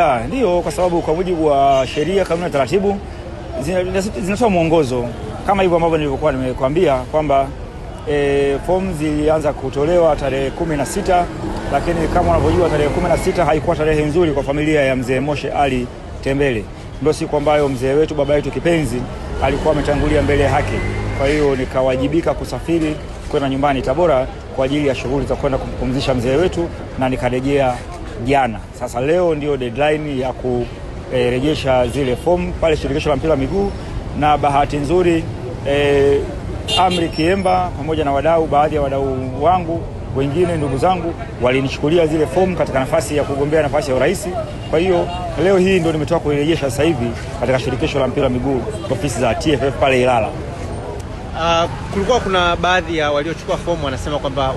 Ah, Ndiyo, kwa sababu kwa mujibu wa sheria, kanuni na taratibu zinatoa mwongozo kama hivyo ambavyo nilivyokuwa nimekuambia kwamba e, fomu zilianza kutolewa tarehe kumi na sita lakini kama unavyojua tarehe kumi na sita haikuwa tarehe nzuri kwa familia ya mzee Moshe Ali Tembele. Ndio siku ambayo mzee wetu baba yetu kipenzi alikuwa ametangulia mbele ya haki. Kwa hiyo nikawajibika kusafiri kwenda nyumbani Tabora kwa ajili ya shughuli za kwenda kumpumzisha mzee wetu na nikarejea jana. Sasa leo ndio deadline ya kurejesha e, zile fomu pale shirikisho la mpira wa miguu, na bahati nzuri e, Amri Kiemba pamoja na wadau, baadhi ya wadau wangu wengine ndugu zangu walinichukulia zile fomu katika nafasi ya kugombea nafasi ya urais. Kwa hiyo leo hii ndio nimetoka kuirejesha sasa hivi katika shirikisho la mpira wa miguu ofisi za TFF pale Ilala. Uh, kulikuwa kuna baadhi ya waliochukua fomu wanasema kwamba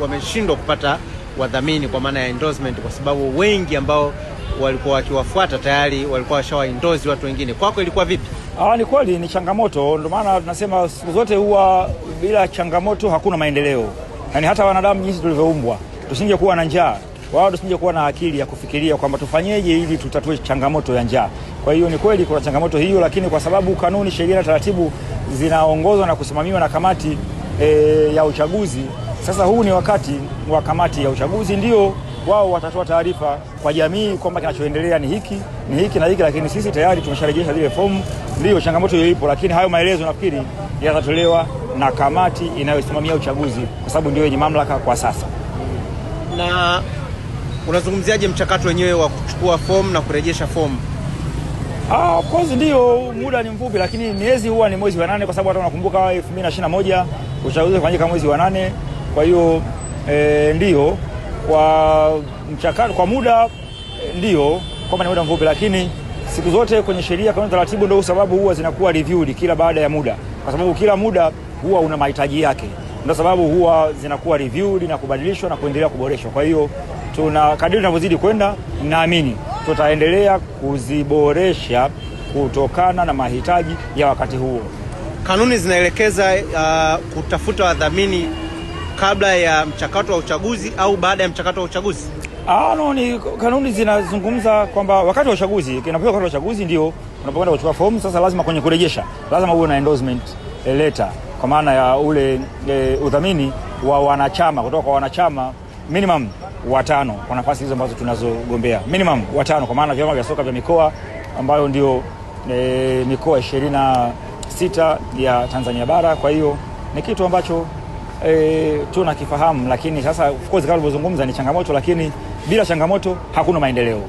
wameshindwa kupata wadhamini kwa maana ya endorsement, kwa sababu wengi ambao walikuwa wakiwafuata tayari walikuwa washawa endorse watu wengine. Kwako ilikuwa vipi? Ah, ni kweli ni changamoto, ndio maana tunasema siku zote huwa bila changamoto hakuna maendeleo. Yaani hata wanadamu jinsi tulivyoumbwa, tusingekuwa na njaa wao kuwa na akili ya kufikiria kwamba tufanyeje ili tutatue changamoto ya njaa. Kwa hiyo ni kweli kuna changamoto hiyo, lakini kwa sababu kanuni, sheria na taratibu zinaongozwa na kusimamiwa na kamati e, ya uchaguzi sasa huu ni wakati wa kamati ya uchaguzi, ndio wao watatoa taarifa kwa jamii kwamba kinachoendelea ni hiki ni hiki na hiki, lakini sisi tayari tumesharejesha zile fomu. Ndiyo changamoto hiyo ipo, lakini hayo maelezo nafikiri yatatolewa na kamati inayosimamia uchaguzi, kwa sababu ndio yenye mamlaka kwa sasa. Na unazungumziaje mchakato wenyewe wa kuchukua fomu na kurejesha fomu? Ah, of course ndio muda ni mfupi, lakini miezi huwa ni mwezi wa nane, kwa sababu hata unakumbuka 2021 uchaguzi ufanyika mwezi wa nane. Kwa hiyo e, ndio kwa mchakato, kwa muda ndio kwamba ni muda mfupi, lakini siku zote kwenye sheria, kanuni, taratibu ndio sababu huwa zinakuwa reviewed kila baada ya muda, kwa sababu kila muda huwa una mahitaji yake, ndio sababu huwa zinakuwa reviewed na kubadilishwa na kuendelea kuboreshwa. Kwa hiyo tuna kadiri tunavyozidi kwenda, naamini tutaendelea kuziboresha kutokana na mahitaji ya wakati huo. Kanuni zinaelekeza uh, kutafuta wadhamini kabla ya mchakato wa uchaguzi au baada ya mchakato wa uchaguzi? Ah, no, ni kanuni zinazungumza kwamba wakati wa uchaguzi, wakati wa uchaguzi ndio unapokwenda kuchukua fomu. Sasa lazima kwenye kurejesha, lazima uwe na endorsement eh, letter kwa maana ya ule e, udhamini wa wanachama kutoka kwa wanachama minimum watano kwa nafasi hizo ambazo tunazogombea, minimum watano kwa maana vyama vya soka vya mikoa ambayo ndio e, mikoa ishirini na sita ya Tanzania bara. Kwa hiyo ni kitu ambacho e, tunakifahamu, lakini sasa of course kama ulivyozungumza ni changamoto, lakini bila changamoto hakuna maendeleo.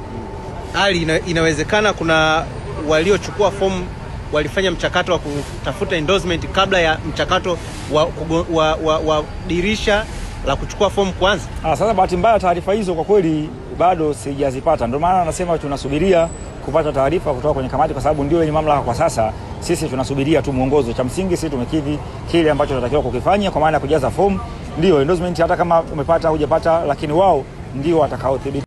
Hali ina, inawezekana kuna waliochukua fomu walifanya mchakato wa kutafuta endorsement kabla ya mchakato wa, wa, wa, wa dirisha la kuchukua fomu kwanza. Ah, sasa bahati mbaya taarifa hizo kwa kweli bado sijazipata, ndio maana nasema tunasubiria kupata taarifa kutoka kwenye kamati, kwa sababu ndio yenye mamlaka kwa sasa sisi tunasubiria tu mwongozo. Cha msingi sisi tumekidhi kile ambacho tunatakiwa kukifanya, kwa maana ya kujaza fomu, ndio endorsement, hata kama umepata hujapata, lakini wao ndio watakaothibiti